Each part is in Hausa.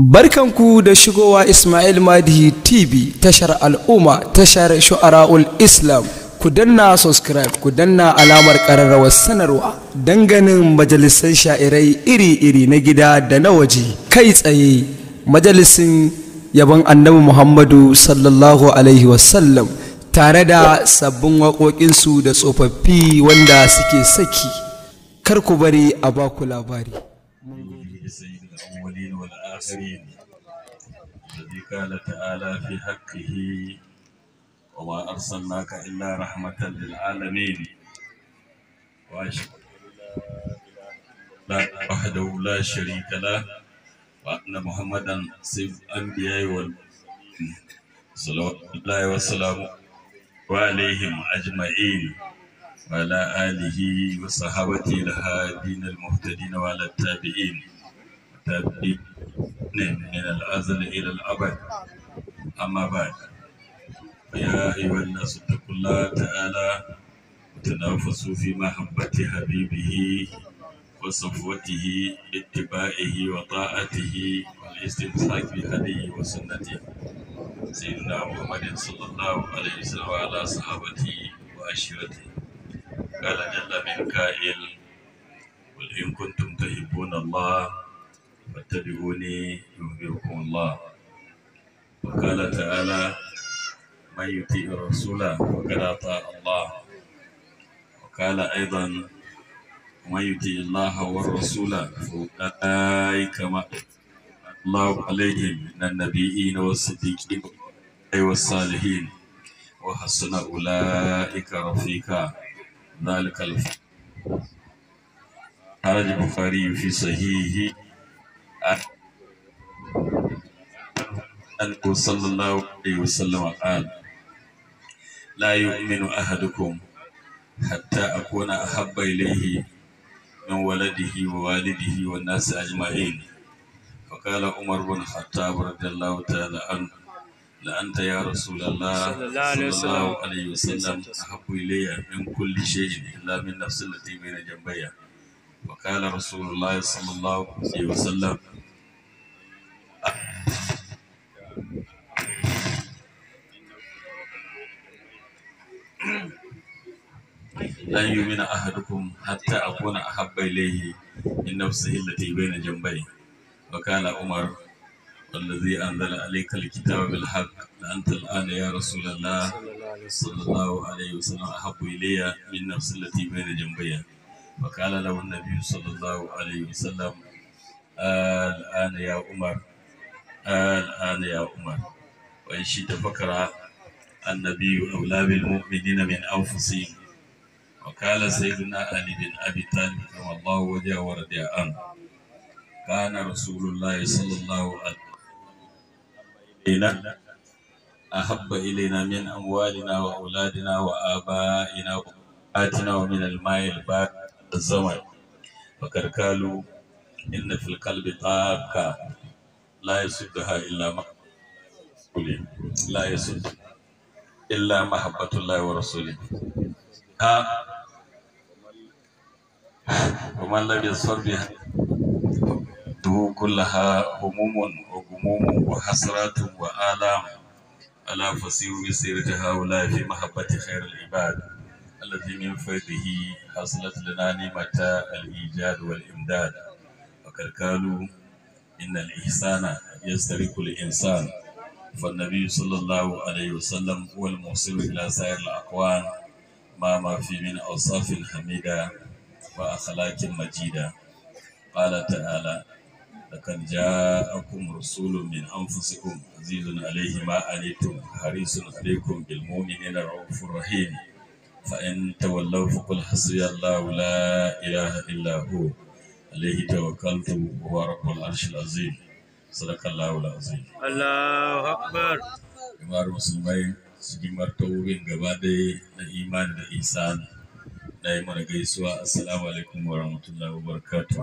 Barkanku da shigowa Ismail Madihi TV tashar al'umma tashar shu'ara'ul Islam ku danna subscribe ku danna alamar ƙararrawar sanarwa danganin majalisar sha'irai iri-iri na gida da na waje kai tsaye majalisin Yaban annabi Muhammadu sallallahu alaihi wasallam tare da sabbin waƙoƙinsu da tsofaffi wanda suke saki kar ku bari a baku labari. الأولين والآخرين الذي قال تعالى في حقه وما أرسلناك إلا رحمة للعالمين وأشهد لا وحده لا شريك له وأن محمدا سيد الأنبياء والمرسلين صلوات الله وسلامه وعليهم أجمعين وعلى آله وصحابته الهادين المهتدين وعلى التابعين littafi ne min al'azali ila al'abad amma ba ya ayyuhan nasu taqulla ta'ala تنافسوا في محبة حبيبه وصفوته اتباعه وطاعته والاستمساك بهديه وسنته سيدنا محمد صلى الله عليه وسلم وعلى صحابته وعشيرته قال جل من قائل قل إن كنتم تحبون الله فاتبعوني يهديكم الله وقال تعالى من يطيع الرسول فقد اطاع الله وقال ايضا من يطيع الله والرسول فاولئك ما الله عليهم من النبيين والصديقين والصالحين وحسن اولئك رفيقا ذلك الفضل هذا البخاري في صحيحه القرآن أنه صلى الله عليه وسلم قال لا يؤمن أحدكم حتى أكون أحب إليه من ولده ووالده والناس أجمعين فقال عمر بن الخطاب رضي الله تعالى عنه لأنت يا رسول الله صلى الله عليه وسلم أحب إلي من كل شيء إلا من نفس التي بين جنبي وقال رسول الله صلى الله عليه وسلم لا يؤمن أحدكم حتى أكون أحب إليه من نفسه التي بين جنبيه وكان عمر الذي أنزل عليك الكتاب بالحق أنت الآن يا رسول الله صلى الله عليه وسلم أحب إلي من نفسي التي بين جنبي وقال له النبي صلى الله عليه وسلم آه، الآن يا عمر الآن يا عمر وإن شئت فكر النبي أولى بالمؤمنين من أنفسهم وقال سيدنا علي بن أبي طالب كما الله وجه ورضي عنه كان رسول الله صلى الله عليه وسلم أحب إلينا من أموالنا وأولادنا وآبائنا وآتنا ومن الماء البارد الزمن فقد قالوا إن في القلب طاقة la yasuddaha illa ma kuli la yasud illa mahabbatullahi wa rasulihi ha ومن لم يصبر بها كلها هموم وغموم وحسرات وآلام ألا فسير بسيرة هؤلاء في محبة خير العباد الذي من فيضه حصلت لنا نعمة الإيجاد والإمداد وقد قالوا إن الإحسان يسترك الإنسان فالنبي صلى الله عليه وسلم هو الموصل إلى سائر الأقوان ما ما في من أوصاف حميدة وأخلاق مجيدة قال تعالى لقد جاءكم رسول من أنفسكم عزيز عليه ما أنيتم حريص عليكم بالمؤمنين رؤوف رحيم فإن تولوا فقل حسبي الله لا إله إلا هو alaihi ta wa rabbul arshil azim sadakallahu alazim Allahu akbar kamar musulmai su gimar taurin gaba dai na imani da isan na yi mana gaisuwa assalamu alaikum wa rahmatullahi wa barakatuh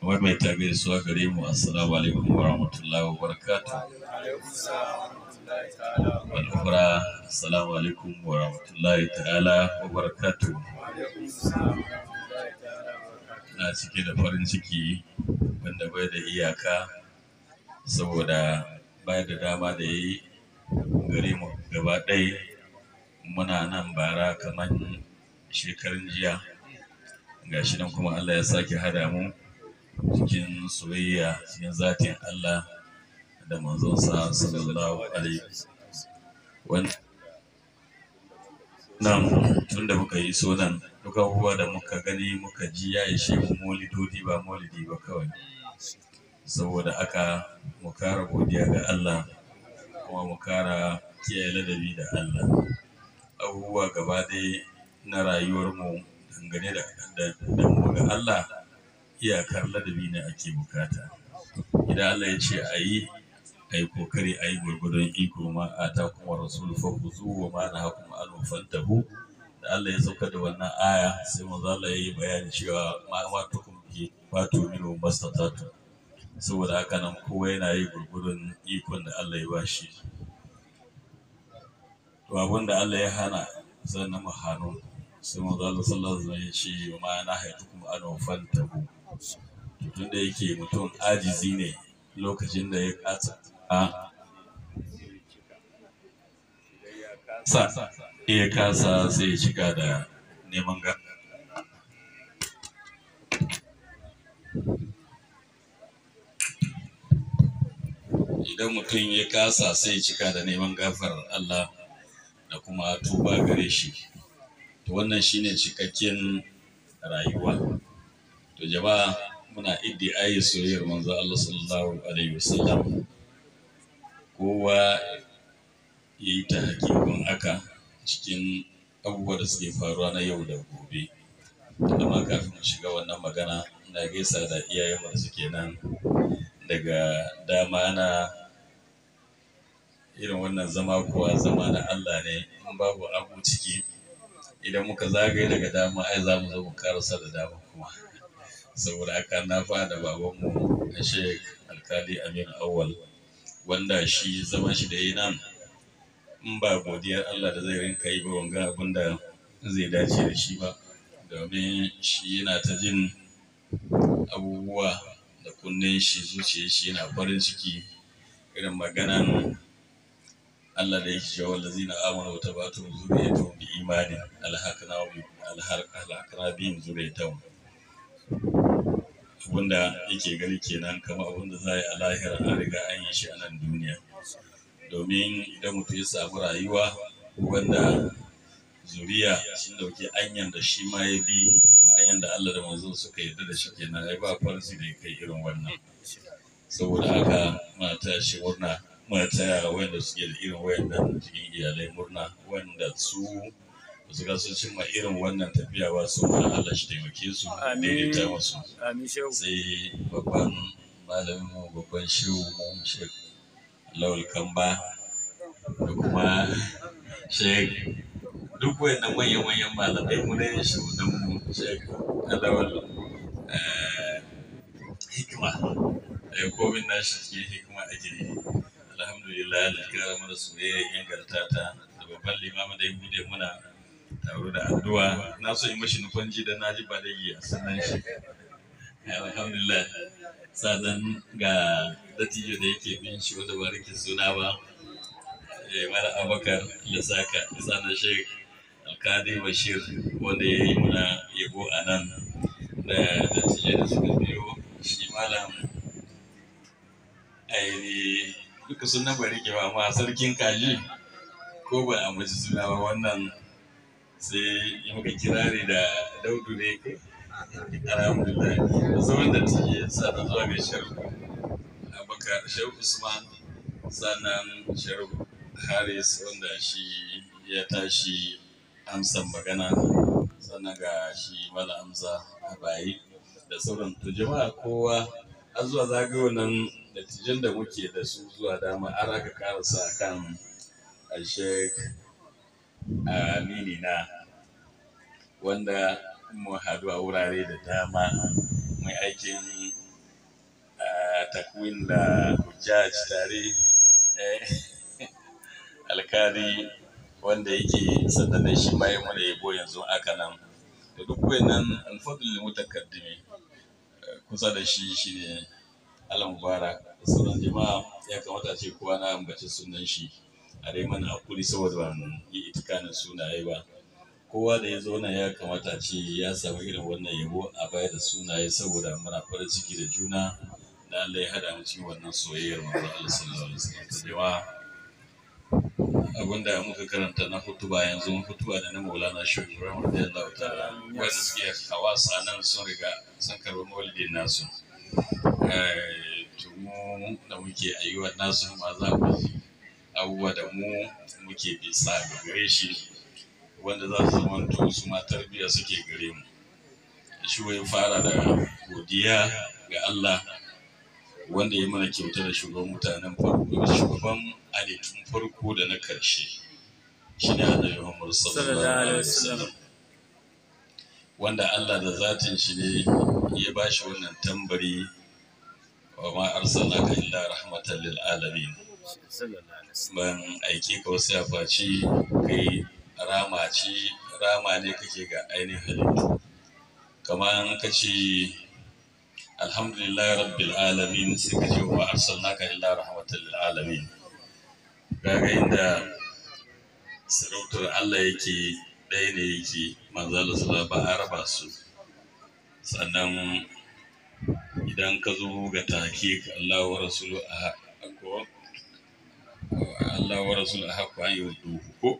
wai mai ta gaisuwa gare mu assalamu alaikum wa rahmatullahi wa barakatuh والأخرى السلام wa ورحمة ta'ala wa وبركاته na cike da farin ciki wanda bai da iyaka saboda bai da dama da ya yi gare mu gaba ɗai muna nan bara kamar shekarun jiya ga shi nan kuma Allah ya sake hada mu cikin soyayya cikin zatin Allah da manzonsa sallallahu alaihi nan tun muka yi so nan duk abubuwa da muka gani muka ji ya ishe mu maulidodi ba maulidi ba kawai saboda aka mu godiya ga Allah kuma mu kiyaye ladabi da Allah abubuwa gaba dai na rayuwarmu dangane da mu ga Allah iyakar ladabi ne ake bukata idan Allah ya ce a yi a yi kokari a yi gwargwadon iko ma a ta kuma rasul fa wa ma na hakuma an fantahu da Allah ya sauka da wannan aya sai manzo Allah ya yi bayani cewa ma ma tukum bi fatu minu mastatatu saboda haka nan kowa yana yi gurgurun ikon da Allah ya bashi to abin da Allah ya hana zan mu hanu sai manzo Allah sallallahu alaihi wasallam ya ce ma na haitukum an fantahu tunda yake mutum ajizi ne lokacin da ya kasa Ah. idan mutum ya kasa sai cika da neman gafar Allah da kuma tuba gare shi to wannan shine cikakken rayuwa to jama'a muna iddi ayi soyayyar manzo Allah sallallahu alaihi wasallam kowa ya yi ta hakikun haka cikin abubuwa da suke faruwa na yau da gobe amma kafin mu shiga wannan magana na gaisa da iyayenmu da suke nan daga dama na irin wannan zama kuwa zama na Allah ne in babu abu ciki idan muka zagaye daga dama ai za mu zo mu karasa da dama kuma saboda haka na fada babanmu a shek alkali aminu awwal. wanda shi zaman shi da yi nan in ba godiyar Allah da zai rinka yi ba wanga abin da zai dace da shi ba domin shi yana ta jin abubuwa da kunnen shi zuciya shi yana farin ciki irin maganan Allah da yake cewa wallazi na amana wa tabatu zuriyatu bi imani alhaqna wa alhaqna bihim zuriyatu wanda yake gani kenan kama wanda za a yi a lahira an riga an yi shi a nan duniya domin idan mutum ya samu rayuwa wanda zuriya sun dauki anyan da shi ma ya bi anyan da Allah da manzo suka yarda da shi kenan ai ba farsi da kai irin wannan saboda haka mata shi murna mata wanda suke da irin wayannan cikin iyalai murna wanda su su ga sun cimma irin wannan tafiya ba su wani Allah shi taimake su daidaita musu sai babban malamin mu babban shehu mu shek lawal kamba da kuma shek duk wayannan manyan manyan malamai mu ne shugaban mu shek lawal eh, hikima da eh, komin nashi ke hikima a gini alhamdulillah da kira mana soyayya inganta ta da babban limamin da ya bude muna taro da addu'a na so in mashi nufanji da na ji ba da yi a sunan shi eh, alhamdulillah sadan ga dattijo da yake bin shi wanda ba rike suna ba ya eh, yi mara abakar lasaka sanan sheik alkadi bashir wanda ya yi mana yabo a nan da dattijo da suka biyo shi malam aini duka suna ba ke ba ma sarkin kaji ko ba a mace suna ba wannan sai yi maka kirari da daudu ne kai alhamdulillah da zaman da ta yi sana zuwa mai sharku abakar sharku usman sannan sharku haris wanda shi ya tashi amsan magana sannan ga shi mala amsa a bayi da sauran to jama'a kowa an zuwa zagayo nan da da muke da su zuwa dama an raka karasa kan a amini na wanda mu haɗu a wurare da dama mai aikin takwin da hujjaj tare eh, alkali wanda yake sannan shi bayan mana yabo yanzu aka nan da duk wayannan alfadul mutakaddimi kusa da shi shine Allah mubarak sauran jama'a ya kamata ce kowa na ambaci sunan shi a dai mana hakuri saboda ba mu yi itikanin sunaye ba kowa da ya zauna ya kamata ce ya samu irin wannan yabo a baya da sunaye saboda muna farin ciki da juna da Allah ya hada mu cikin wannan soyayyar da Allah sallallahu alaihi wasallam ta jawa abinda muka karanta na hutuba yanzu mun hutuba da na Maulana Shehu Ibrahim radiyallahu ta. wanda suke hawasa nan sun riga sun karbi maulidi nasu eh, to mu da muke ayyukan nasu ma za ku abubuwa da mu muke bisa ga gare shi wanda za su zama to su ma tarbiyya suke gare mu shi ya fara da godiya ga Allah wanda ya mana kyauta da shugaban mutanen farko shugaban alitun farko da na karshe shine annabi Muhammad sallallahu alaihi wasallam wanda Allah da zatin shi ne ya bashi wannan tambari wa ma arsalnaka illa rahmatan lil alamin ban aike ka wasu ya faci kai rama ci rama ne kake ga ainihin halittu kamar ka ce alhamdulillah rabbil alamin sai ka ce wa arsalnaka illa rahmatan alamin kaga inda sarautar Allah yake ɗaya ne yake manzala su ba a raba su sannan idan ka zo ga take Allahu rasulu a ko Allah wa rasul ahqqu an yurduhu ko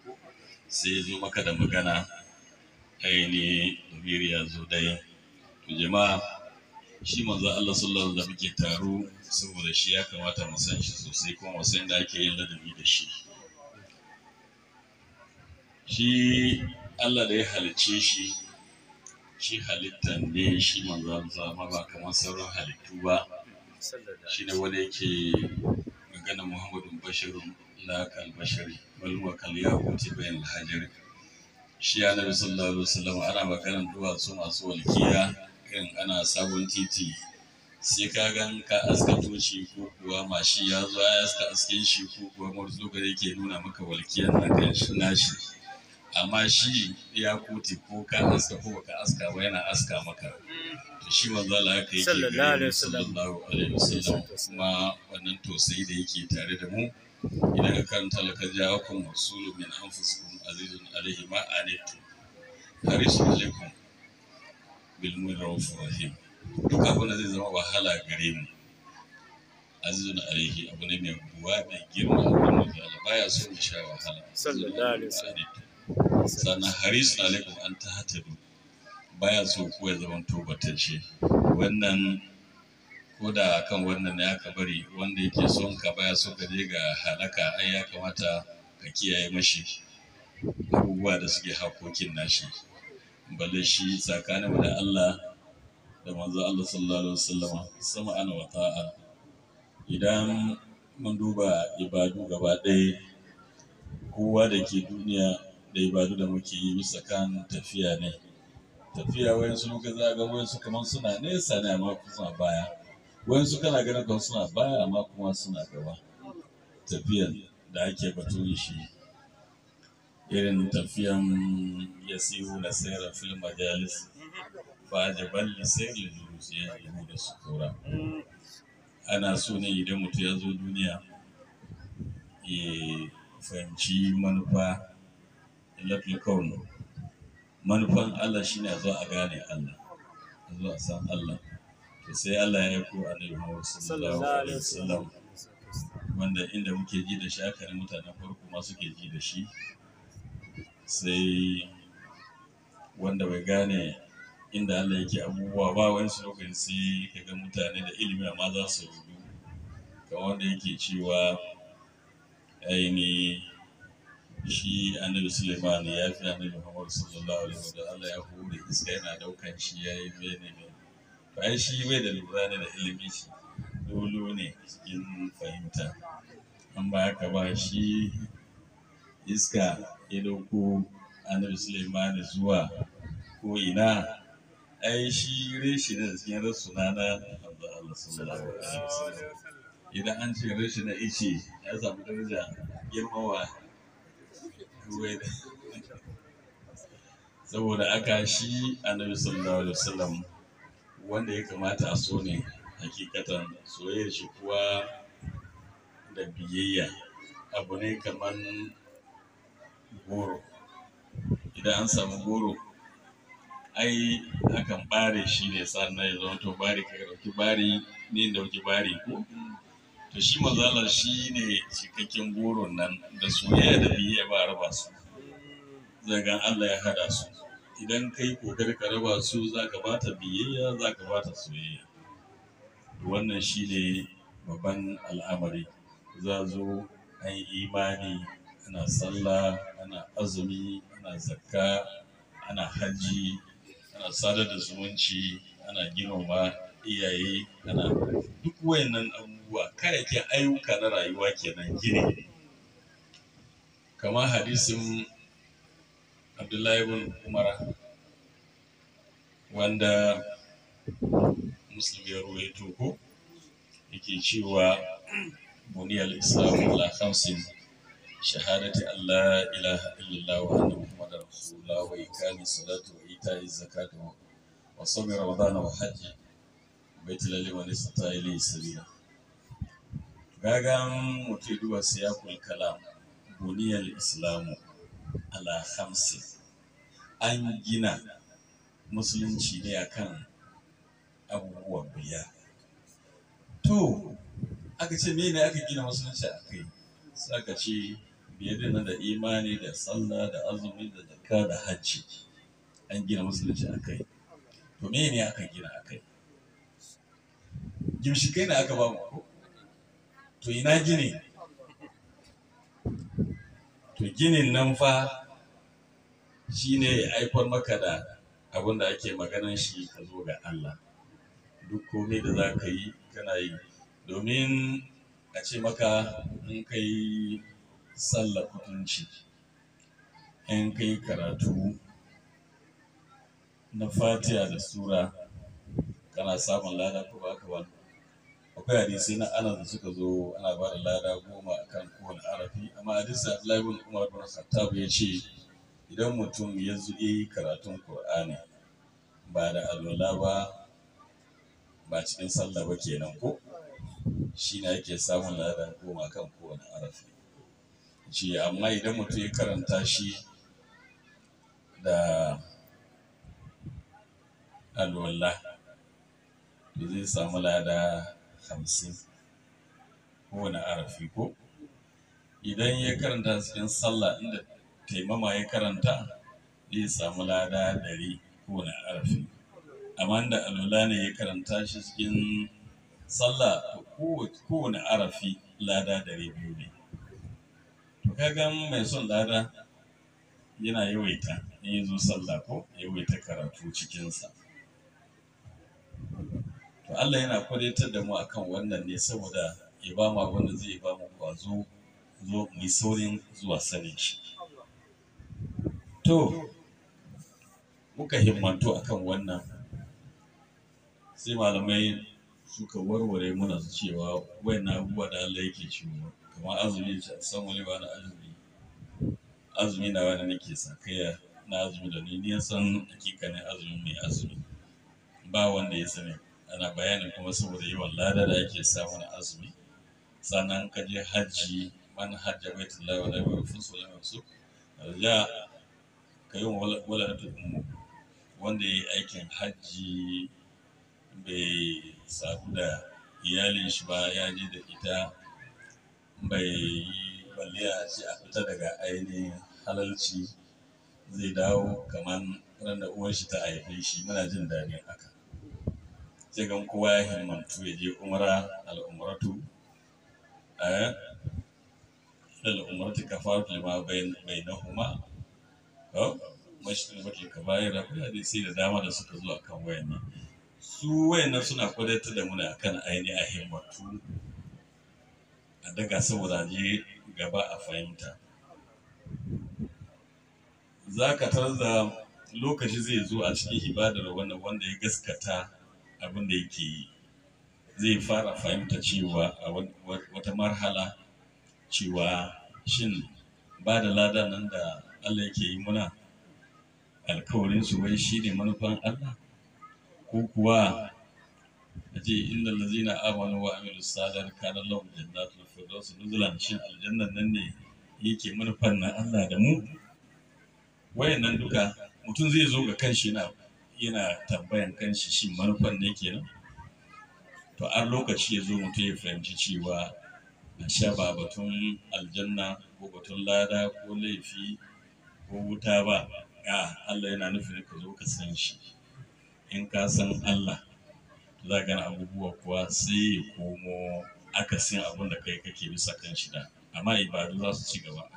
sai zo maka da magana aini dabiri ya zo dai to jama'a shi manzo Allah sallallahu alaihi wasallam da muke taro saboda shi ya kamata mu san shi sosai kuma mu san da ake yin ladabi da shi shi Allah da ya halicce shi shi halittan ne shi manzo Allah ba kamar sauran halittu ba shi ne wanda yake magana Muhammadu bashiru na kal bashari bal huwa bayan hajar shi ya nabi sallallahu alaihi wasallam ana magana duwatsu masu walkiya kan ana sabon titi sai ka gan ka aska shi ko kuwa mashi ya zo ya aska askin shi ko kuwa murzo ga yake nuna maka walkiyar na nashi amma shi ya kuti ko ka aska ko ka aska ba yana aska maka to shi manzo Allah haka yake gare sallallahu alaihi wasallam kuma wannan tosai da yake tare da mu idan ka karanta laka ja'akum rasulun min anfusikum azizun alaihi ma anittum harisu alaikum bil mu'minir rahim duk abin da zai zama wahala gare mu azizun alaihi abu ne mai buwa mai girma abin da Allah baya so mu sha wahala sallallahu alaihi wasallam Sana harisun alaikum an ta hatadu baya so ko ya zama tobatacce wannan ko da kan wannan ya ka bari wanda yake son ka baya so ka je ga halaka ai ya kamata ka kiyaye mashi abubuwa da suke hakokin nashi balle shi tsakanin da Allah da manzo Allah sallallahu alaihi wasallam sama ana wata'a idan mun duba ibadu gaba ɗaya kowa da ke duniya da ibadu da muke yi bisa kan tafiya ne tafiya wayansu muka za ga wayansu kamar suna nesa ne amma suna baya wayansu kana ganin kamar suna baya amma kuma suna gaba tafiyan da ake batun shi irin tafiyan siyo na sayar filin majalis ba jaban lisayar lidurusi ya yi da sukura ana so ne idan mutum ya zo duniya ya fahimci manufa ilatul kaunu manufan Allah ne a zo a gane Allah a zo a san Allah to sai Allah ya aiko annabi Muhammad sallallahu alaihi wasallam wanda inda muke ji da shi aka mutanen farko ma suke ji da shi sai wanda bai gane inda Allah yake abubuwa ba wani su lokacin sai ka ga mutane da ilimi amma za su rudu ga wanda yake cewa ainihi. shi annabi suleiman ya fi annabi muhammad sallallahu alaihi sallam, Allah ya hore iska yana daukan shi ya yi mene ne bayan shi bai da lura ne da ilimi shi dolo ne cikin fahimta an ba ka ba shi iska ya dauko annabi suleiman zuwa ko ina ai shi reshi ne cikin rasu na Allah sallallahu alaihi idan an ce rashin na ice ya samu daraja girmawa saboda aka shi annabi sallallahu alaihi wasallam wanda ya kamata a so ne hakikatan soyayyar shi kuwa da biyayya abu ne kamar goro idan an samu goro ai akan bare shi ne sannan ya zama to bari ka ɗauki bari ne ɗauki bari ko to shi mazala shi ne cikakken goro nan da soyayya da biyayya ba raba su zagan Allah ya hada su idan kai kogar ka raba su za ka bata biyayya za ka bata soyayya wannan shi ne babban al'amari za zo an imani ana sallah ana azumi ana zakka ana hajji ana sadar da zumunci ana girma iyaye ana duk wayannan abubuwa abubuwa kayayyakin ayyuka na rayuwa kenan gine kamar hadisin abdullahi ibn umara wanda musulmi ya ruwa ko yake cewa al islam ala khamsin shahadati allah ilaha illallah wa anna muhammadar rasulullah wa ikami salatu wa ita'i zakatu wa sawmi ramadana wa hajji baitul lil wa nisata ilayhi sabila kaga mutum duwa siyakul kalam buniyar islamu ala hamsin an gina musulunci ne akan abubuwan biya to aka ce mene aka gina musulunci a kai sai aka ce biyar da imani da sallah da azumi da zakka da hajji an gina musulunci a kai to mene aka gina a kai kai ne aka ba mu to ina gini to ginin nan fa shi ne ya haifar maka da abin da ake maganan shi ka zo ga Allah duk komai da za ka yi kana yi domin a ce maka in ka yi sallah kutunci in ka karatu na fatiya da sura kana samun lada ko ba ka wani akwai hadisi na anas da suka zo ana ba da lada goma akan kowane arafi amma hadisa abdullahi bin umar bin khattab ya ce idan mutum ya zuɗe karatun qur'ani ba da alwala ba ba cikin sallah ba kenan ko shi ne yake samun lada goma kan kowane arafi ce amma idan mutum ya karanta shi da alwala zai samu lada hamsin kowane arafi ko idan ya karanta cikin sallah inda taimama ya karanta zai samu lada ɗari kowane arafi amma da alula ne ya karanta shi cikin sallah kowane arafi lada ɗari biyu ne to kaga mai son lada yana yawaita in ya zo sallah ko yawaita karatu cikinsa to Allah yana kwadaitar da mu akan wannan ne saboda ya ba mu abin da zai ba mu kwazo zo mai saurin zuwa sanin shi to muka himmantu akan wannan sai malamai suka warware muna su cewa wayan abubuwa da Allah yake ciwo kamar azumi ce san wani ba azumi azumi na wani nake sakaya na azumi da ni ne san hakikanin azumi mai azumi ba wanda ya sani ana bayanin kuma saboda yawan lada da ake samun azumi sannan ka je hajji man hajja baitullahi wa lafiya rufin su lafiya su ya ka yi wala wanda ya yi aikin hajji bai sadu da iyalin shi ba ya je da ita bai yi baliya ce a fita daga ainihin halalci zai dawo kamar ran uwanshi ta haife shi muna jin daɗin haka zai gan kowa ya himmatu ya je umara al'umratu eh al'umratu kafaratu lima bainahuma oh eh, mashin bakin kabaira ko sai da dama da suka zo akan wayannan su wayannan suna kwadatar da muna akan a himmatu a daga saboda je gaba a fahimta za ka da lokaci zai zo a cikin ibadar wannan wanda ya gaskata abin da yake yi zai fara fahimta cewa a wata marhala cewa shin ba da lada nan da Allah yake yi muna alkawarin su wai shi ne manufan Allah ko kuwa a ce inda lazina amanu wa amilu sadar kana lahum jannatul firdaus nuzulan shin aljannan nan ne yake manufan na Allah da mu wayannan duka mutum zai zo ga kanshi na yana tambayan kanshi shin manufan ne kenan to an lokaci ya zo mutum ya fahimci cewa a sha ba batun aljanna ko batun lada ko laifi ko wuta ba a Allah yana nufin ka zo ka san shi in ka san Allah za gana abubuwa kuwa sai ya komo akasin abin da kai kake bisa kan shi da amma ibadu za su ci gaba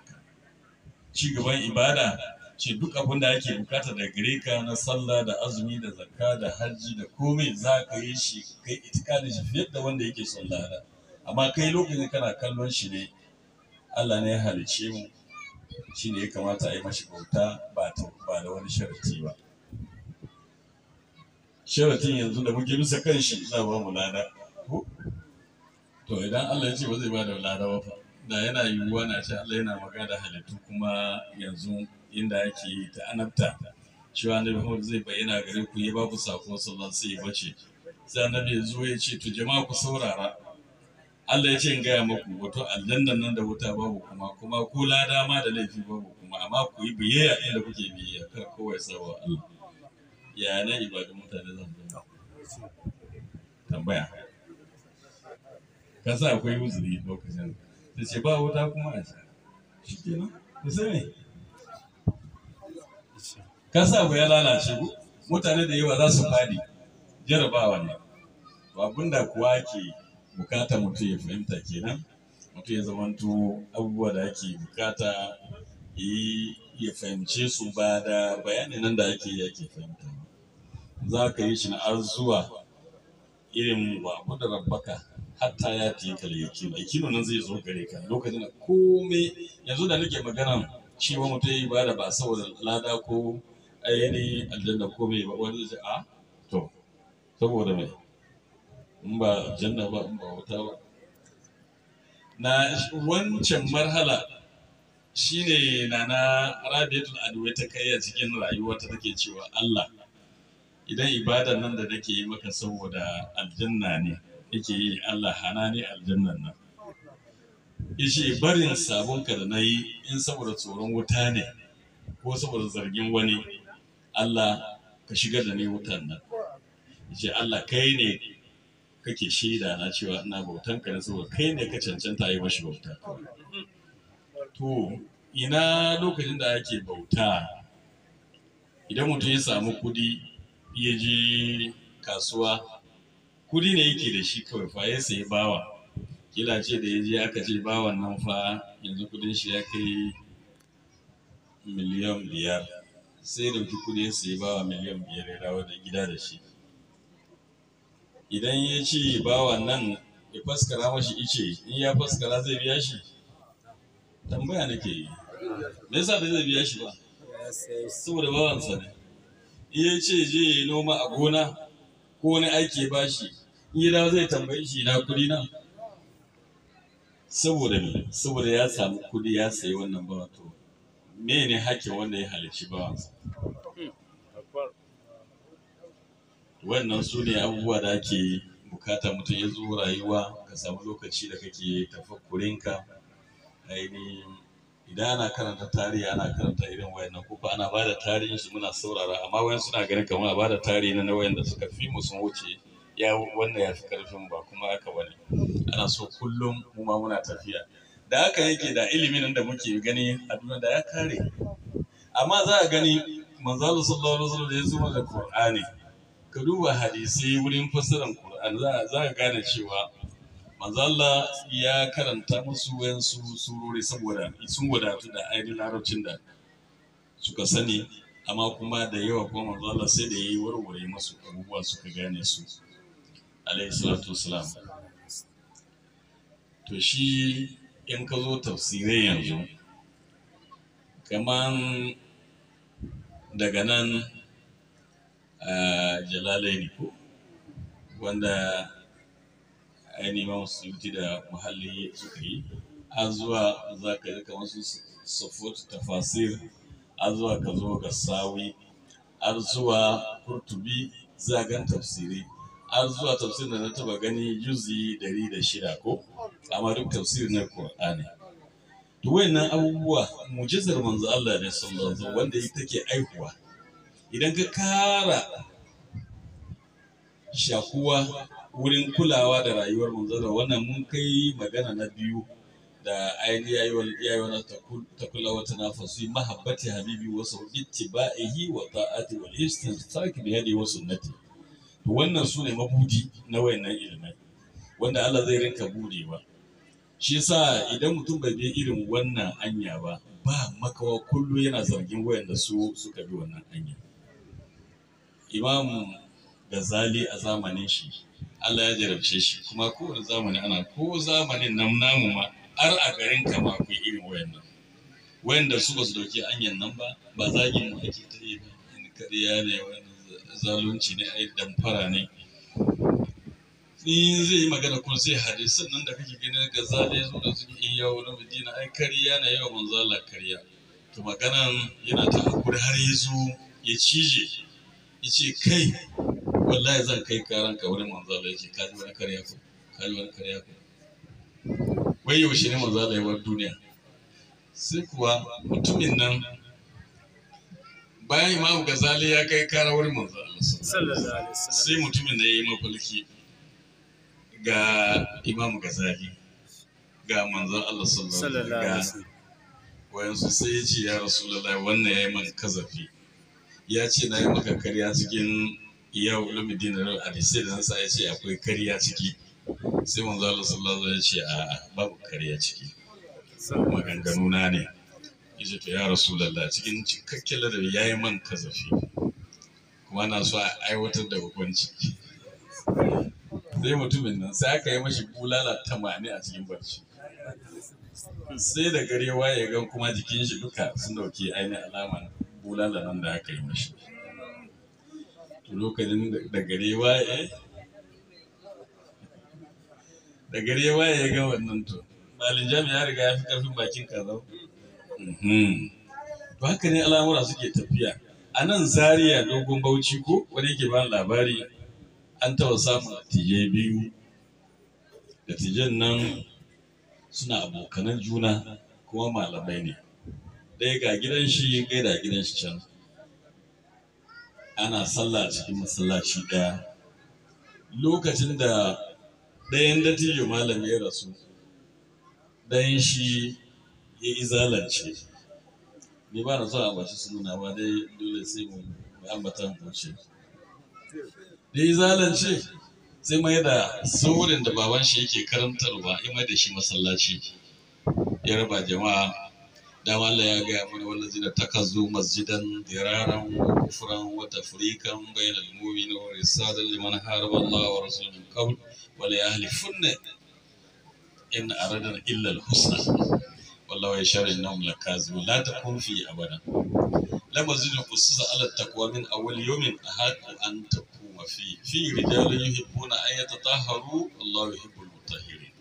ci gaban ibada ce duk abin da ake bukata da gare ka na sallah da azumi da zakka da hajji da komai za ka yi shi kai itikadin shi fiye da wanda yake son lada amma kai lokacin kana kallon shi ne Allah ne ya halice mu shi ne ya kamata a yi mashi bauta ba ta ba da wani sharati ba sharatin yanzu da muke bisa kan shi za ba mu lada to idan Allah ya ce ba zai ba da lada ba da yana yiwuwa na ce Allah yana magana da halittu kuma yanzu inda ake ta anabta cewa na Muhammad zai bayyana gare ku ya ba ku sako sallan alaihi wasallam sai sai annabi ya zo ya ce to jama'a ku saurara Allah ya ce in gaya muku wato aljanna nan da wuta babu kuma kuma ko lada ma da laifi babu kuma amma ku yi biyayya inda kuke biyayya kar kawai ya Allah ya nan ibadun mutane zan tambaya kasa akwai uzuri lokacin da ce ba wuta kuma a shi kenan ku sani kan sa ya lalace mutane da yawa za su fadi jarabawa ne to abinda kuwa ke bukata mutu ya fahimta kenan mutu ya zamanto abubuwa da ake bukata ya fahimce su ba da bayani nan da ake yake fahimta za ka yi shi na arzuwa irin babu da rabbaka hatta ya ta yi kalyaki mai kino nan zai zo gare ka lokacin da komai yanzu da nake magana cewa mutum ya yi ba da ba saboda lada ko ai yanayin aljanna ko bai ba wani zai a ah, to saboda mai in ba aljanna ba in ba wata ba na wancan marhala shine nana rabiatul adwai ta kai a cikin ta take cewa Allah idan ibadan nan da nake yi maka saboda aljanna ne yake yi Allah hana ne aljannan nan yace barin sabonka da nayi in saboda tsoron wuta ne ko saboda zargin wani Allah ka shigar da ni wutan nan ce Allah kai ne kake shaida na cewa ina bautan ka ne saboda kai ne ka cancanta yi mashi bauta to ina lokacin da ake bauta idan mutum ya samu kudi ya je kasuwa kudi ne yake da shi kawai fa ya sayi bawa kila ce da ya je aka ce bawan nan fa yanzu kudin shi ya kai miliyan biyar sai dauki kuɗi ya sayi bawa miliyan biyar ya dawo da gida da shi idan ya ce bawa nan ya faskara mashi ice in ya faskara zai biya shi tambaya nake yi me yasa bai zai biya shi ba saboda bawansa ne in ya ce je ya noma a gona ko wani aiki ba shi in ya dawo zai tambayi shi na kuɗi na saboda me saboda ya samu kuɗi ya sayi wannan bawa to mene hakkin wanda ya halicci ba? wannan su ne abubuwa da ake bukata mutum ya zo rayuwa ka samu lokaci da kake tafakurinka ainihin idan ana karanta tarihi ana karanta irin wayannan ko ana ba da tarihin muna saurara amma wayan suna ganin kamar a ba tarihi na wayan da suka fi mu sun wuce ya wannan ya fi karfin ba kuma haka bane ana so kullum mu muna tafiya da haka yake da ilimin da muke gani a duniya da ya kare amma za a gani manzalu sallallahu alaihi wasallam da ya zuwa da qur'ani ka duba hadisi wurin fassarar qur'ani za ka gane cewa manzalla ya karanta musu wayansu surori saboda sun wadatu da ainihin larabcin da suka sani amma kuma da yawa kuma manzalla sai da ya yi warware masu abubuwa suka gane su alaihi salatu wasalam to shi in ka zo tafsirai yanzu kaman daga nan eh, Jalalai ko wanda ainihin musulunci da muhalli suka yi a zuwa za ka yi kamar su sufut tafasir a zuwa ka zo ga sawi a zuwa kurtubi zagan tafsirai an zuwa tafsirin da na taba gani juzi ɗari da shida ko amma duk tafsirin na Kur'ani. To wayannan abubuwa mujizar manzo Allah ne sun alaihi wanda take aihuwa. Idan ka kara shakuwa wurin kulawa da rayuwar manzo Allah wannan mun kai magana na biyu da ainihin ta kulawa takula wata nafasi mahabbati habibi wasu ittiba'ihi wa ta'ati wal istinsak bi hadi wa sunnati. to wannan su ne mabudi na wayannan ilimai wanda Allah zai rinka budewa shi yasa idan mutum bai bi irin wannan anya ba ba makawa kullu yana zargin wayanda su suka bi wannan hanya imam gazali a zamanin shi Allah ya jarabce shi kuma kowane zamani ana ko zamanin nan namu ma har a garin ma akwai irin wayannan wayanda su ba su dauki anyan nan ba ba zagin mu ake tare ba in kariya ne wannan zalunci ne ai damfara ne ni zai yi magana ko zai hadisin nan da kake ganin ga zalai zo da suke eh, iya wani madina ai kariya na yawa manzala kariya to maganan yana ta hakuri har ya zo ya cije ya ce kai wallahi zan kai karan ka wurin manzo Allah ce kaji wani kariya ko kaji wani kariya ko wai yaushe ne Allah ya bar duniya sai kuwa mutumin nan bayan imamu gazali ya kai kara wurin manzo Allah sai mutumin da ya yi mafalki ga imamu gazali ga manzo Allah sallallahu alaihi wasallam wayansu sai ya ce ya rasulullahi wannan ya yi man kazafi ya ce na yi maka karya cikin iya ulumi dinar sai da nasa ya ce akwai karya ciki sai manzo Allah sallallahu alaihi wasallam ya ce a babu karya ciki maganganu na ne yace to ya rasulullah cikin cikakken ladabi ya yi man kazafi kuma na so a aiwatar da hukunci sai mutumin nan sai aka yi mashi bulala tamani a cikin barci sai da garewa ya gan kuma jikin shi duka sun dauki ainihin alaman bulala nan da aka yi mashi lokacin da garewa ya da gare waye ya ga wannan to malin ya riga ya fi karfin bakin kazan Mhm. To haka ne al'amura suke tafiya. A nan zariya dogon bauchi ko wani yake bani labari an taɓa samun dattijai biyu. Dattijan nan suna abokanan juna kuma malamai ne. Ɗaya ga gidan shi gaida gidan shi can. Ana sallah cikin masallaci ɗaya. Lokacin da ɗayan dattijo malami ya rasu, ɗayan shi ya izalance ni ba na so a bashi suna ba dai dole sai mu ambata mu wuce da izalance sai mai da saurin da baban shi yake karantarwa ya mai da shi masallaci ya raba jama'a dama Allah ya gaya mana wallazi da takazu masjidan diraran wa kufran wa tafrikan bainal mu'minin wa risalan liman harba Allah wa rasuluhu qabl wa la yahlifunna in aradan illa al-husna wallahi sharrin nam lakazu la takun fi abada lamazin ususa ala taqwa min awwal yawmin ahadu an takuma fi fi rijalun yuhibbuna an yatatahharu wallahu yuhibbul mutahhirin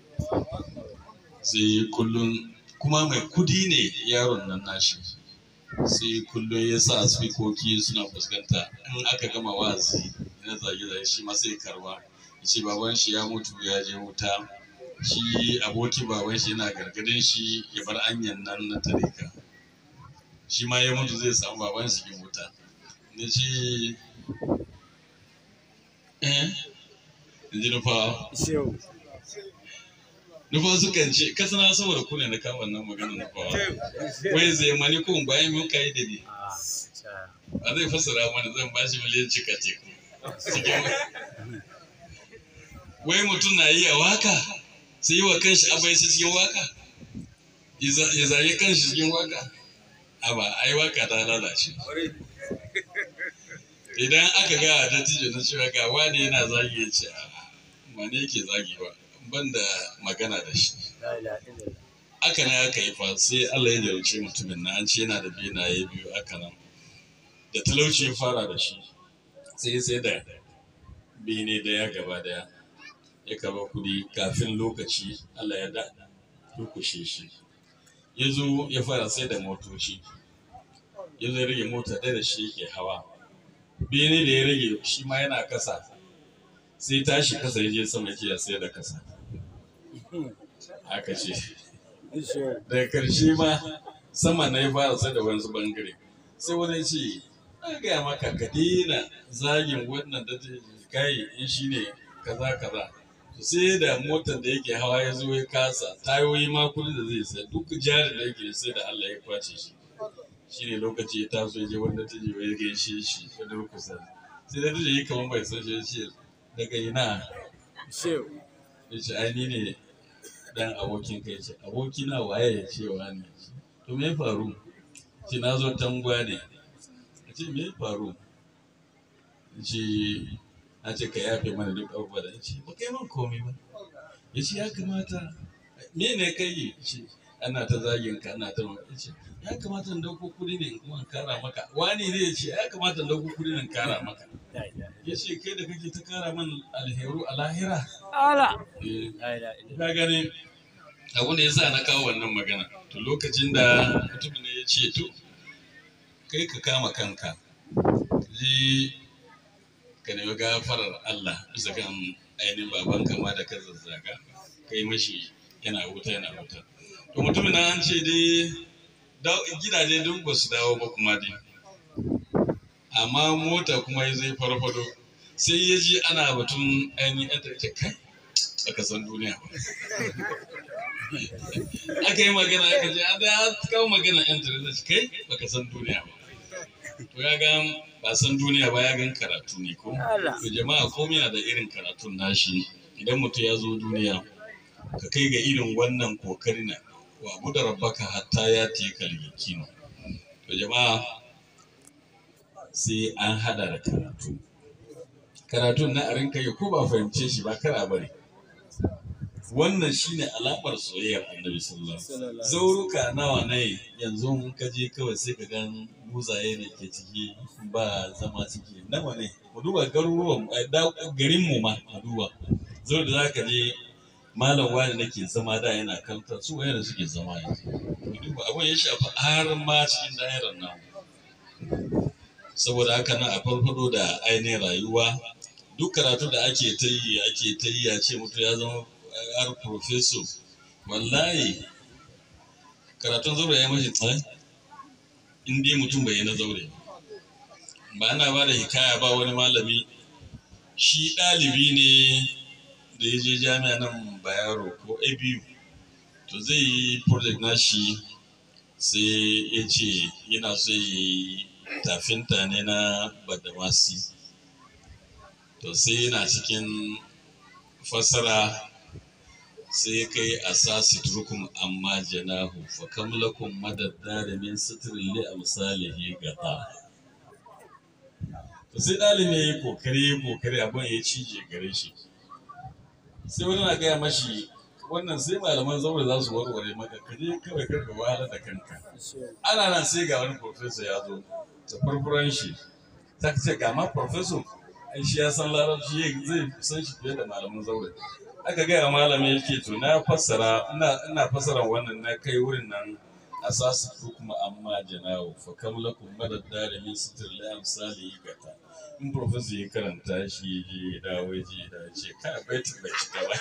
sai kullun kuma mai kudi ne yaron nan nashi sai kullum ya sa spikoki suna fuskanta in aka gama wa'azi na zage-zage shi ma sai ya ce baban shi ya mutu ya je wuta shi aboki baban shi yana gargadin shi ya bar anyan nan na tarika shi ma ya mutu zai samu baban shi ya wuta na ce eh ji nufa nufa su kan ce kasa na saboda kuna na kama wannan magana na wai zai mani kun bayan mun kai da ni ah, a zai fasara mana zan bashi miliyan cika teku wai mutum na yi a waka sai yi wa kanshi abai su cikin waka ya kanshi cikin waka a ba ai waka ta lalace idan aka ga ta tijo na cewa ga wani yana zagi ya ce wani yake zagi ba ban da magana da shi aka na aka yi fa sai Allah ya jarumce mutumin na an ce yana da benaye biyu aka nan da talauci ya fara da shi sai sai da bene daya gaba daya ya kama kuɗi kafin lokaci Allah ya da durkushe shi ya zo ya fara sai da motoci ya zo ya rage mota ɗaya da shi ke hawa bene da ya rage shi ma yana kasa sai tashi kasa ya je sama ya sai da kasa Haka ce daga karshe ma sama na ya fara sai da wani bangare sai wani ce an gaya maka ka daina zagin wannan da kai in shi ne kaza kaza sai da motar da yake hawa ya zo ya kasa tayoyi ma kudi da zai sai duk jari da yake sai da Allah ya kwace shi shi ne lokaci ya taso je wanda ta je ya gaishe shi ya da kusa sai da tuje yi kamar bai san shi ce daga ina shehu ya ce ai ni ne dan abokin kai ce abokina waye ya ce wa ne to me faru ce na zo tangwa ne ce me faru ce an ce ka yafe mana duk abubuwa da ce ba kai man komai ba ya ce ya kamata me ne kai yi ce ana ta zagin ka ana ta maka ce ya kamata in dauko kuɗi ne in kuma in kara maka wani ne ya ce ya kamata in dauko kudi ne in kara maka ya ce kai da kake ta kara man alheru a lahira ala eh. ya gane abu ne yasa na kawo wannan magana to lokacin da mutum ne ya ce to kai ka kama kanka ka nemi gafarar Allah bisa kan ainihin baban kama da kan zazzaga kai mashi yana wuta yana wuta to mutumin nan an ce dai gidaje don ba su dawo ba kuma dai amma mota kuma ya zai farfado sai ya ji ana batun ainihin yan ta kai a kasan duniya ba aka yi magana aka ce an da kawo magana yan ta kai a kasan duniya ba to ya ga ba san duniya ba ya gan karatu ne ko to jama'a ko yana da irin karatun nashi idan mutum ya zo duniya ka kai ga irin wannan kokari na wa buda rabbaka hatta ya kalmiki ne. to jama'a sai an hada da karatu karatun na a rinka yi ko ba fahimce shi ba kar bari wannan shine alamar soyayyar annabi sallallahu alaihi zauruka nawa ne yanzu mun ka je kawai sai ka ga buzaye ne ke ciki ba zama ciki nawa ne ku duba garuruwan eh, garin mu ma ku duba zau da zaka je malam wani nake zama da yana kanta su wayar suke zama yanzu ku duba abin ya shafi har ma cikin da'irar nan. saboda haka nan a farfado da ainihin rayuwa duk karatu da ake ta yi ake ta yi a ce mutu ya zama har profeso wallahi karatun zaure ya mashi tsaye in dai mutum bai yi na zaure ba na ba da hikaya ba wani malami shi ɗalibi ne da ya je jami'a nan bayaro ko abu to zai yi project shi sai ya ce yana so yi tafinta ne na badamasi to sai yana cikin fassara sai kai asasi turkum amma janahu fa kamlakun madadda da min misali li ga gata to sai ya yi kokari yayi kokari abin ya cije gare shi sai wani na gaya mashi wannan sai malaman zaure za su warware maka ka je kawai karka wahala da kanka ana nan sai ga wani professor ya zo ta furfuran shi ta ce ga ma professor shi ya san larabci zai san shi fiye da malaman zaure aka gaya malami yake to na fassara ina fassara wannan na kai wurin nan a sasu kuma amma janawo fa kam madad madad min sitir la amsali gata in professor ya karanta shi ya je waje da ce ka baiti bai cika ba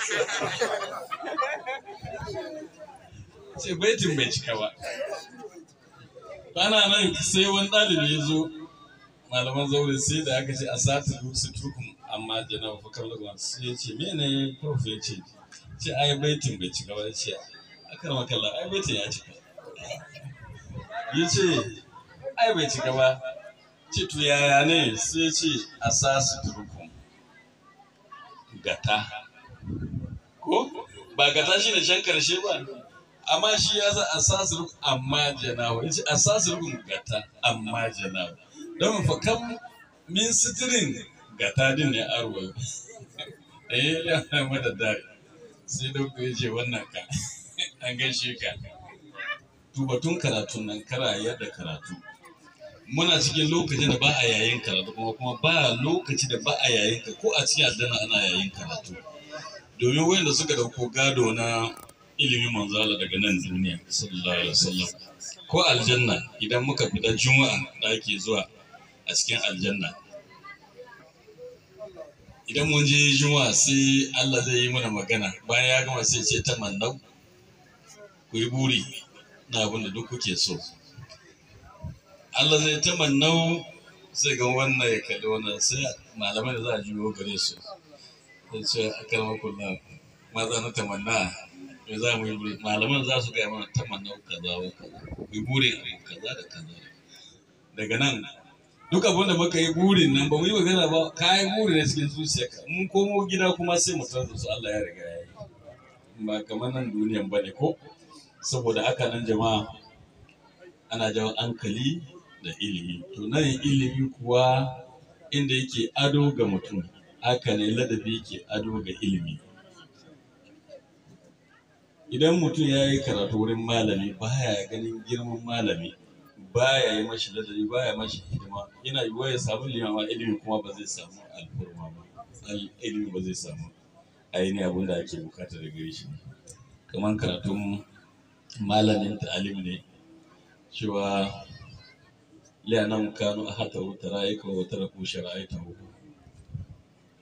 ce baiti bai cika ba Bana nan sai wani ɗalibi ya zo malaman zaure sai da aka ce a satir hukuma amma jana bakar lagwan sai ya ce mene profeci ya ce ce ai baitin bai cika ba ce akan makalla ai baitin ya cika ya ce ai bai ci gaba." ce to yaya ne sai ya ce a sasu gata ko ba gata shi ne shan karshe ba amma shi ya za a sasu amma janawa ya ce a sasu gata amma janawa don fa min sitirin ga tadin ne arwa eh ya da dai sai dokta ya wannan ka an gaishe ka tubatun karatun nan kara yadda karatu muna cikin lokacin da ba a yayin karatu kuma kuma ba lokaci da ba a yayin ka ko a cikin addana ana yayin karatu domin da suka dauko gado na ilimin manzala daga nan duniya sallallahu alaihi wasallam ko aljanna idan muka fita juma'a da ake zuwa a cikin aljanna idan mun je juma sai Allah zai yi mana magana bayan ya gama sai ce ta mannau ku yi buri na abin da duk kuke so Allah zai ta mannau sai ga wannan ya kalli wannan sai malamai da za a juyo gare su sai ce a kalmar kula maza na manna me za mu yi buri malaman za su gaya mana mannau kaza wa kaza ku yi burin kaza da kaza daga nan duk abin da muka yi burin nan ba mu yi magana ba kayan buri na cikin zuciyarka mun komo gida kuma sai mu tarzo su Allah ya riga ya yi ba kamar nan duniyan ba ne ko saboda haka nan jama'a ana jawo hankali da ilimi to nan ilimi kuwa inda yake ado ga mutum haka ne ladabi yake ado ga ilimi idan mutum ya yi karatu wurin malami ba ya ganin girman malami baya yi mashi ladari baya mashi hidima yana yi ya samu limama ilimi kuma ba zai samu alfurma ba ilimi ba zai samu ainihin abin da ake bukata da gare shi kamar karatun malamin ta'alim ne cewa liyanan kanu a hata wuta ra'ayika wa tara ku shara'aita hu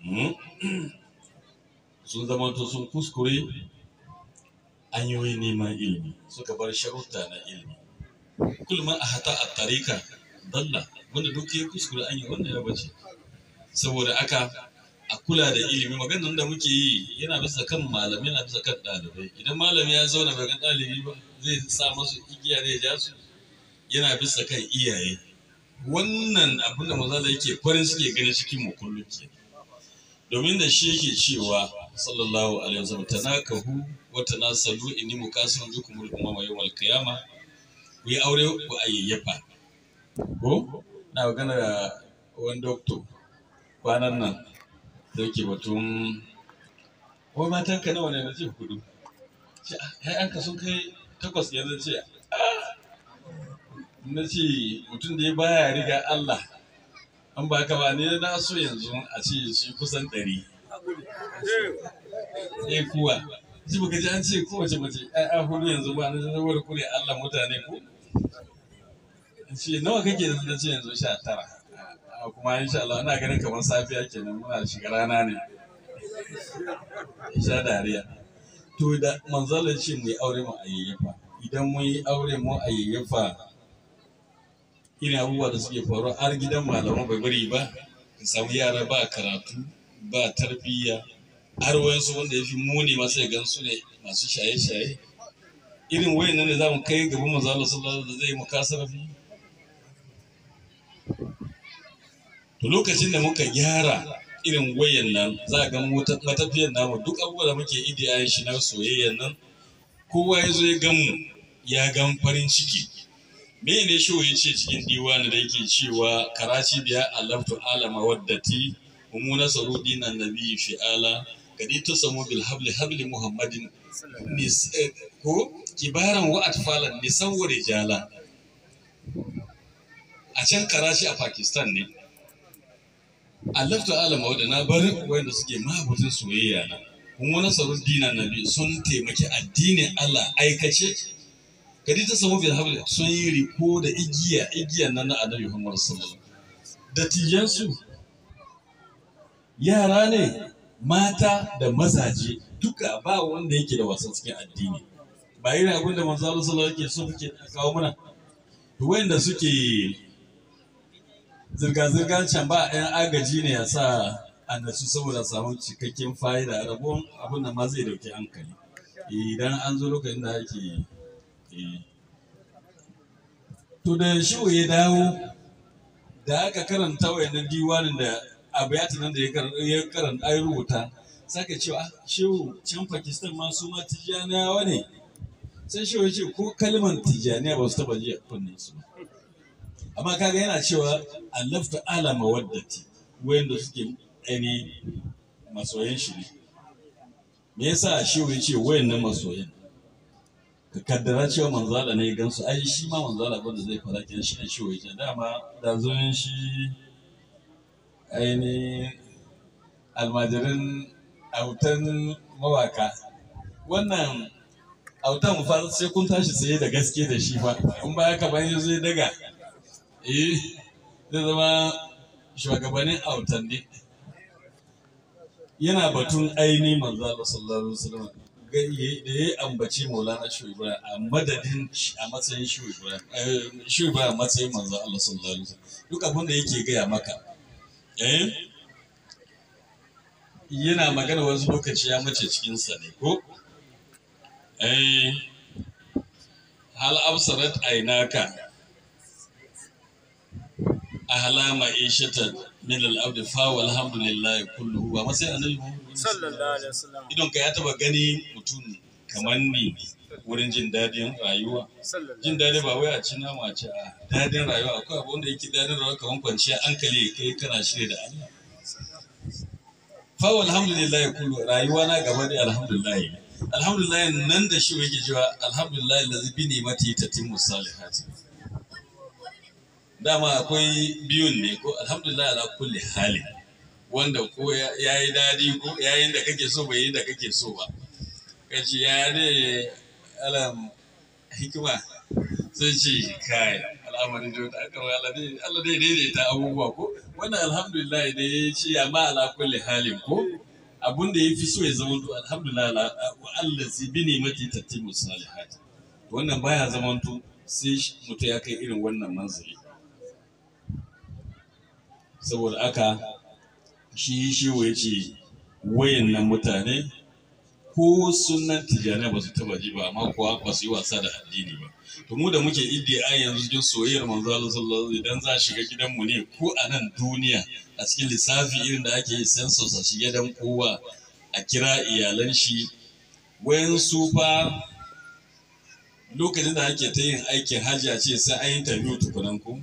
hmm? sun zama to sun kuskure an yi neman ilimi suka bar sharuta na ilimi kul a hata a tarika, dalla wanda duk ya kuskure an yi wannan ya bace saboda aka a kula da ilimi maganar da muke yi yana bisa kan malami yana bisa kan ɗalibai idan malami ya zauna bai ga ɗalibi ba zai sa masu igiya ne ja su yana bisa kan iyaye wannan abin da mazala yake farin suke gani cikin mu kullum ke domin da shi yake cewa sallallahu alaihi wasallam tanakahu wa tanasalu inni mukasim bikum al qiyamah ku yi aure ku a ko na magana da wani doctor kwanan nan da yake batun ko matan ka nawa ne na ce hudu ce an ka sun kai takwas yanzu ce ah. na ce mutum da ya baya riga Allah an ba ka ba ne na so yanzu a ce shi kusan ɗari eh kuwa ji baka ji an ce kowace mace ƴaƴa hudu yanzu ba na saboda kure Allah mutane ko ce nawa kake da na ce yanzu sha tara kuma insha Allah ina ganin kamar safiya kenan muna shiga rana ne sha dariya to da manzala ce mu yi aure mu ayyafa idan mun yi aure mu ayyafa irin abubuwa da suke faruwa har gidan malaman bai bari ba ka samu yara ba karatu ba tarbiyya har wayansu wanda ya fi muni masu ya su ne masu shaye-shaye irin wayannan da za mu kai gaban manzo Allah sallallahu alaihi zai mu kasarafi to lokacin da muka gyara irin wayannan za ga matafiyar namu duk abubuwa da muke idiyayen shi na nan kowa ya zo ya gan mu ya ga farin ciki me ne shi ya ce cikin diwani da yake cewa karaci biya alaftu alama waddati mumuna sarudi nan nabi fi'ala kadi tusamu bil habli habli muhammadin ko kibaran wa atfalan ne saboda jala a can karashi a pakistan ne allafta alama wadda na bar wadda suke mahabutin soyayya na kuma wani sarun dina nabi sun taimaki addinin allah aikace kadi ta samu bin sun yi riko da igiya igiya nan na annabi muhammad Da dattijansu yara ne mata da mazaje duka ba wanda yake da wasan cikin addini ba irin abin da manzo Allah sallallahu alaihi wasallam yake so kawo mana to wanda suke zirga zirga can ba ɗayan agaji ne ya sa annasu saboda samun cikakken fa'ida rabon abin da ma zai dauke hankali eh, idan an zo lokacin da ake eh. to da shi ya dawo da aka karanta wayannan diwanin da abayatu nan da ya karanta ya rubuta saka cewa ah, Shehu, can Pakistan ma su ma tijjaniyawa ne sai shi wace ko kalmar tijaniya ba su taba ji a kunnen su amma kaga yana cewa allafta ala mawaddati wayanda suke ainihin masoyan shi ne me yasa shi ya ce wayannan masoyan ka kaddara cewa manzala ne gansu ai shi ma manzala gwanda zai fara kin shi ne shi wace dama da zoyin shi ainihin almajirin autan mawaka wannan mu fara sai kun tashi tsaye da gaske da shi fa in ba haka ba yanzu zai daga eh zai zama shugabannin autan ne yana batun aini manzo Allah sallallahu alaihi wasallam da ya ambaci Maulana Shehu Ibrahim a madadin a matsayin Shehu Ibrahim eh, Shehu a matsayin manzo Allah sallallahu alaihi wasallam duk abin da yake gaya maka eh yana magana wasu lokaci ya mace cikinsa ne ko ai eh, hal absarat ainaka ahla ma'ishatan min al-abd fa walhamdulillah kulluhu ba sai annabi sallallahu alaihi wasallam Idan ka ya taba gani mutum kamar ni wurin jin dadin rayuwa jin dadi ba wai a ci nama a ci a dadin rayuwa akwai abu wanda yake dadin rayuwa kamar kwanciya hankali kai kana shirya da Allah fa walhamdulillah kullu rayuwa na gaba da alhamdulillah alhamdulillah nan da shi yake cewa alhamdulillah lazi bi ne mati tatimmu salihati dama akwai biyun ne ko alhamdulillah ala kulli hali wanda ko ya yi dadi ko ya yayin da kake so bai yi da kake so ba kace ya ne alam hikima sai ce kai al'amarin jota Allah dai daidaita abubuwa ko wannan alhamdulillah dai ya ce ma ala kulli halin ko abun da ya fi so ya zama to alhamdulillah wa allazi bi ni'mati tatimu salihat wannan baya zaman to sai mutum ya kai irin wannan manzili saboda aka shi shi wa ce wayan nan mutane ko sunan tijjani ba su taba ji ba amma kuwa ba su yi wasa da addini ba to mu da muke iddia yanzu jin soyayyar manzo Allah sallallahu alaihi wasallam idan za shiga gidanmu ne ko a nan duniya a cikin lissafi irin da ake census a shige dan kowa a kira iyalan shi Wayan su fa lokacin da ake ta yin aikin hajji a ce sai an yi interview tukunan ku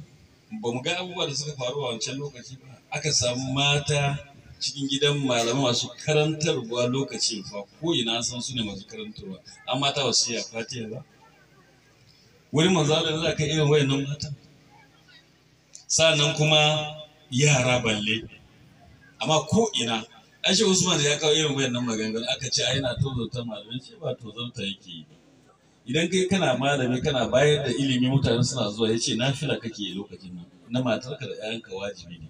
ba mu ga abubuwa da suka faru a wancan lokaci ba aka samu mata cikin gidan malamai masu karantarwa lokacin fa ko ina san su ne masu karantarwa an mata ba su yi a fatiya ba wani manzo Allah za ka irin wayannan mata nan kuma yara balle amma ko ina ashe usman ya kawo irin wayannan maganganu aka ce ai na ta malamin, shi ba ta yake yi idan kai kana malami kana bayar da ilimi mutane suna zuwa ya ce nafila kake lokacin nan na matarka da 'ya'yanka wajibi ne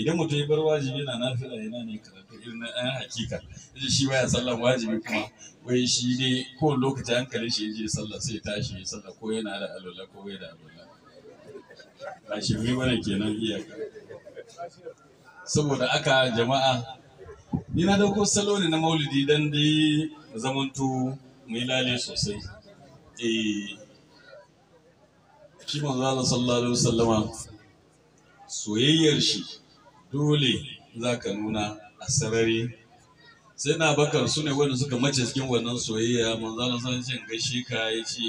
idan mutum ya bar wajibi na nafila yana ne karatu irin na ɗan hakika yace shi baya sallan wajibi kuma wai shi ne ko lokacin hankalin shi yaje sallah sai tashi ya sallah ko yana da alwala ko bai da alwala ba shi ne kenan iyaka saboda aka jama'a ni na dauko salo ne na maulidi dan dai zamanto mai lale sosai eh shi manzo Allah sallallahu alaihi wasallama soyayyar shi dole za ka nuna a sarari sai na bakar su ne wanda suka mace cikin wannan soyayya manzo Allah sallallahu alaihi gaishe ka yace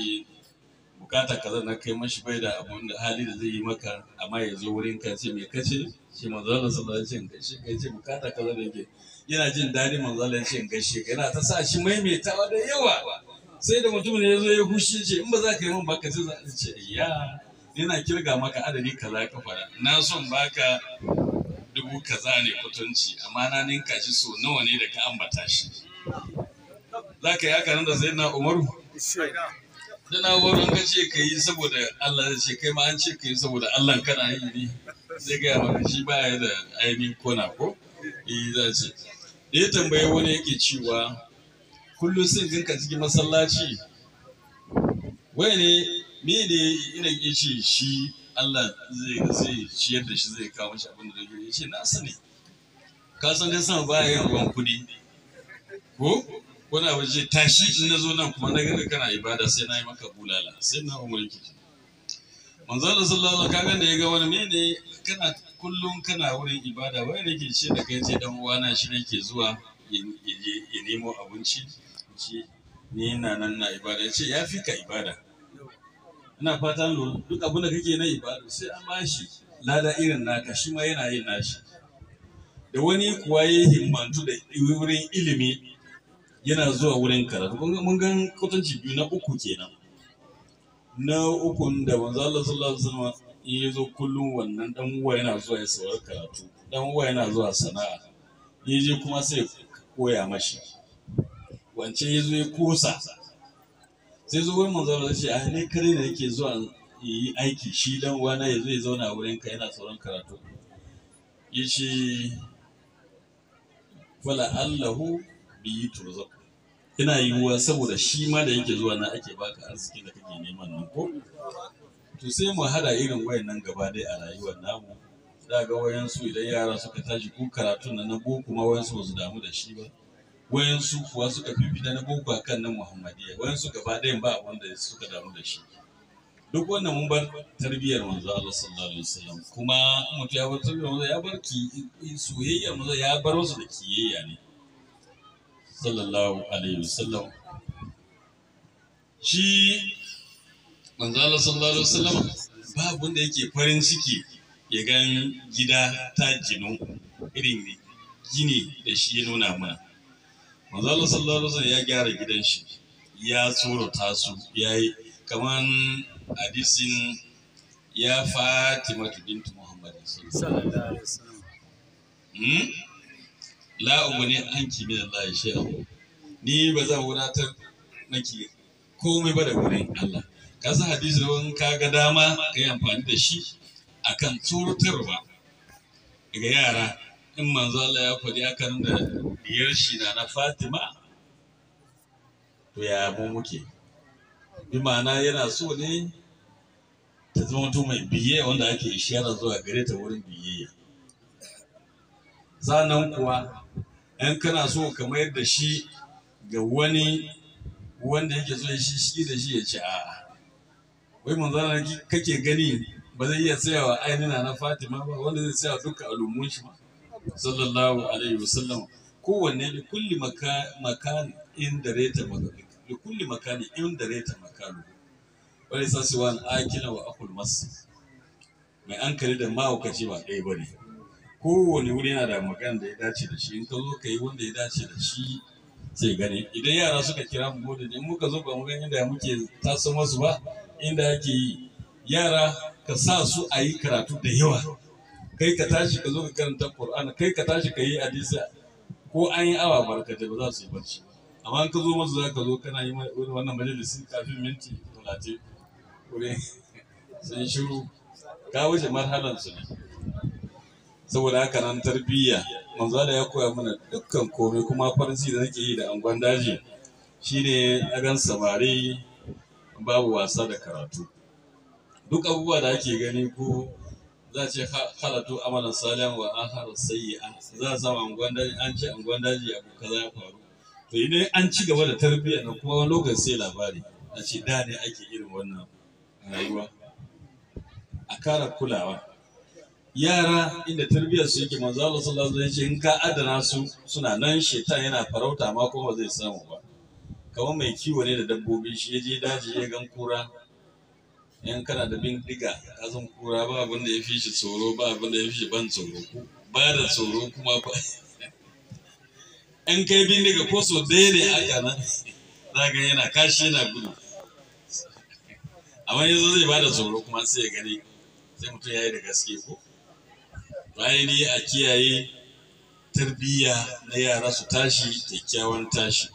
bukata kaza na kai mashi bai da abun da hali da zai yi maka amma ya zo wurin ka ce me kace shi manzo Allah sallallahu alaihi wasallam shi kai ce bukata kaza da yake yana jin dadi manzo Allah ce gaishe kai yana ta sa shi maimaitawa da yawa sai da mutum ne ya zo ya hushi ce in ba za ka yi min ba ka ce za ka ce ya yana kirga maka adadi kaza ka fara na son baka dubu kaza ne kutunci amma na ninka shi so nawa ne da ka ambata shi za ka yi haka nan da sai na umaru dana wurin ka ce ka yi saboda Allah ya ce kai ma an ce ka yi saboda Allah kana yi ne zai gaya maka shi baya da ainihin kona ko eh za ce da ya tambaye wani yake cewa kullum sun dinka cikin masallaci wai ne me ne ina yace shi Allah zai zai ciyar da shi zai kawo shi abin da zai yace na sani ka san dai sama baya yin ruwan kuɗi ko wani abu ce tashi in na zo nan kuma na gani kana ibada sai na yi maka bulala sai na umarki manzo da sallallahu kaga da ya ga wani mene kana kullum kana wurin ibada wai nake ce da kai ce dan uwana shi nake zuwa ya nemo abinci ce ni na nan na ibada ya ce ya fi ka ibada ina fatan duk abin da kake na ibada sai an bashi lada irin naka shi ma yana yin nashi da wani kuwa ya himmantu da wurin ilimi yana zuwa wurin karatu mun ga kutanci biyu na uku kenan na ukun da manzo Allah sallallahu alaihi wasallam in ya zo kullum wannan dan uwa yana zuwa ya saurari karatu dan uwa yana zuwa sana'a ya je kuma sai koya mashi wance ya zo ya kosa sai zo wani manzo Allah ce a ah, ne kare da yake zuwa yi aiki shi dan uwa na ya zo ya zauna a wurin ka yana sauran karatu ya ce fala allahu bi turzaq kina yiwuwa saboda shi ma da yake zuwa na ake baka arziki da kake neman nan ko to sai mu hada irin wayannan gaba dai a rayuwar namu da ga wayansu idan yara suka tashi ko karatun nan na boko ma wayansu ba su damu da shi ba wayansu kuwa suka fifita na boko akan nan muhammadiyya wayansu gaba ɗayan ba wanda suka damu da shi duk wannan mun bar tarbiyyar manzo Allah sallallahu alaihi wasallam kuma mutum ya bar tarbiyyar manzo ya bar ki manzo ya bar wasu da kiyayya ne sallallahu alaihi wasallam shi manzala sallallahu alaihi wasallam babu wanda yake farin ciki ya gan gida ta jinu irin gini da shi ya nuna mana manzala sallallahu alaihi wasallam ya gyara gidan shi ya tsorata su ya yi kaman hadisin ya fatima bintu muhammad sallallahu alaihi wasallam hmm? la'ubu ne an kimi min Allah ya ni ba zan wadatar naki komai ba da gurin Allah ka san hadisi don ka ga dama ka yi amfani da shi akan tsoratarwa daga yara in manzo Allah ya faɗi akan da diyar shi na na Fatima to ya mu muke bi ma'ana yana so ne ta zama mutum mai biye wanda ake yana zuwa gare ta wurin biyayya sannan kuwa in kana so ka mayar da shi ga wani wanda yake so shi shi da shi ya ci a'a wai mun zana kake gani ba zai iya tsayawa ainina na fatima ba wanda zai tsaya duka alumun shi ba sallallahu alaihi wasallam kowanne da kulli makan inda reta magana da kulli makani inda reta makanu wani sasuwa na akila wa akul masu mai kari da mahaukaci ba ɗaya ba ne kowane wuri yana da magana da ya dace da shi in ka zo ka yi wanda ya dace da shi sai gani idan yara suka kira mu gode ne muka zo ba mu gani inda muke taso masu ba inda ake yi yara ka sa su a yi karatu da yawa kai ka tashi ka zo ka karanta Al-Qur'ana. kai ka tashi ka yi hadisi ko an yi awa barkatai ba za su yi barci amma in ka zo masu za ka zo kana yi wannan majalisi kafin minti talatin wurin sai shiru ka wuce marhalar su ne saboda haka nan tarbiyya manzo da ya koya mana dukkan komai kuma farin ciki da nake yi da angon daji shine na gan samari babu wasa da karatu duk abubuwa da ake gani ko za ce halatu amalan salihan wa ahara sayyi'an za sa angon daji an ce angon daji abu kaza ya faru to idan an ci gaba da tarbiyya na kuma wani lokaci sai labari a ce da ne ake irin wannan rayuwa a kara kulawa yara inda tarbiyyar su yake manzo Allah sallallahu alaihi wasallam in ka adana su suna nan shetan yana farauta ma ko ba zai samu ba kamar mai kiwo ne da dabbobi shi yaje daji ya gan kura in kana da bin diga ka san kura ba abin da ya fi shi tsoro ba abin da ya fi shi ban tsoro ba da tsoro kuma ba in kai bin diga ko so ɗaya ne aka nan zaka yana kashi yana gudu amma yanzu zai ba da tsoro kuma sai ya gani sai mutum ya yi da gaske ko ne a kiyaye tarbiyya na yara su tashi kyakkyawan tashi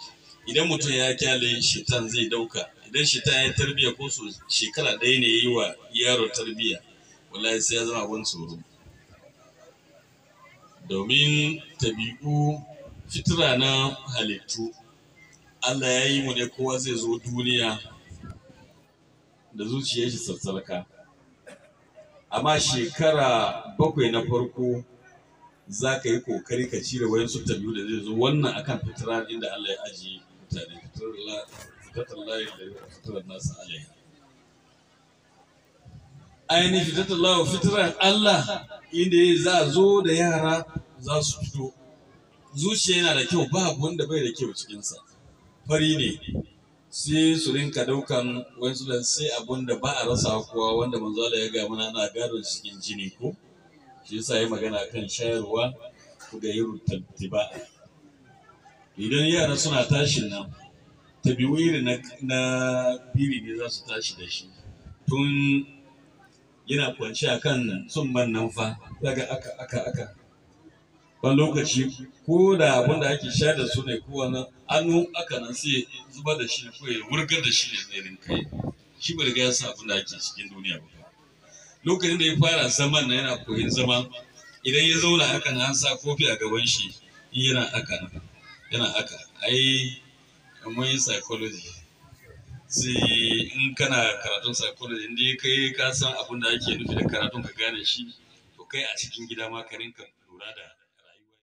idan mutum ya kyale shitan zai dauka idan shitan ya tarbiyya ko su shekara ɗaya ne yi wa yaro tarbiyya wallahi sai ya zama abin tsoro domin tabi'u fitira na halittu Allah ya yi mu ne kowa zai zo duniya da zuciyar shi amma shekara bakwai na farko za ka yi kokari ka cire wayan su biyu da zai zo wannan akan fitira inda Allah ya ajiye mutane fitatar layi da fitarar nasu alaihi ainihin fitatar lawa fitarar Allah inda ya za zo da yara za su fito zuciya yana da kyau ba wanda bai da kyau cikinsa fari ne sai su rinka daukan wasu dan sai abun da ba a rasa kowa wanda manzo Allah ya ga mana ana gado cikin jini ko shi yasa yi magana kan shayarwa ku ga yin tattiba idan yara suna tashin nan tabiwiri na na biri ne za su tashi da shi tun yana kwanci a kan man nan fa daga aka aka aka Wani lokaci ko da abin da ake sha da su ne kowane hannu aka nan sai zuba da shi ko ya wurgar da shi ne irin kai, shi bai riga ya sa abin da ake cikin duniya ba lokacin da ya fara zaman na yana koyin zama idan ya zauna haka na an sa kofi a gaban shi yana haka yana haka ai kamar yin psychology sai in kana karatun psychology inda kai ka san abin da ake nufi da karatun ka gane shi to kai a cikin gida ma ka rinka lura da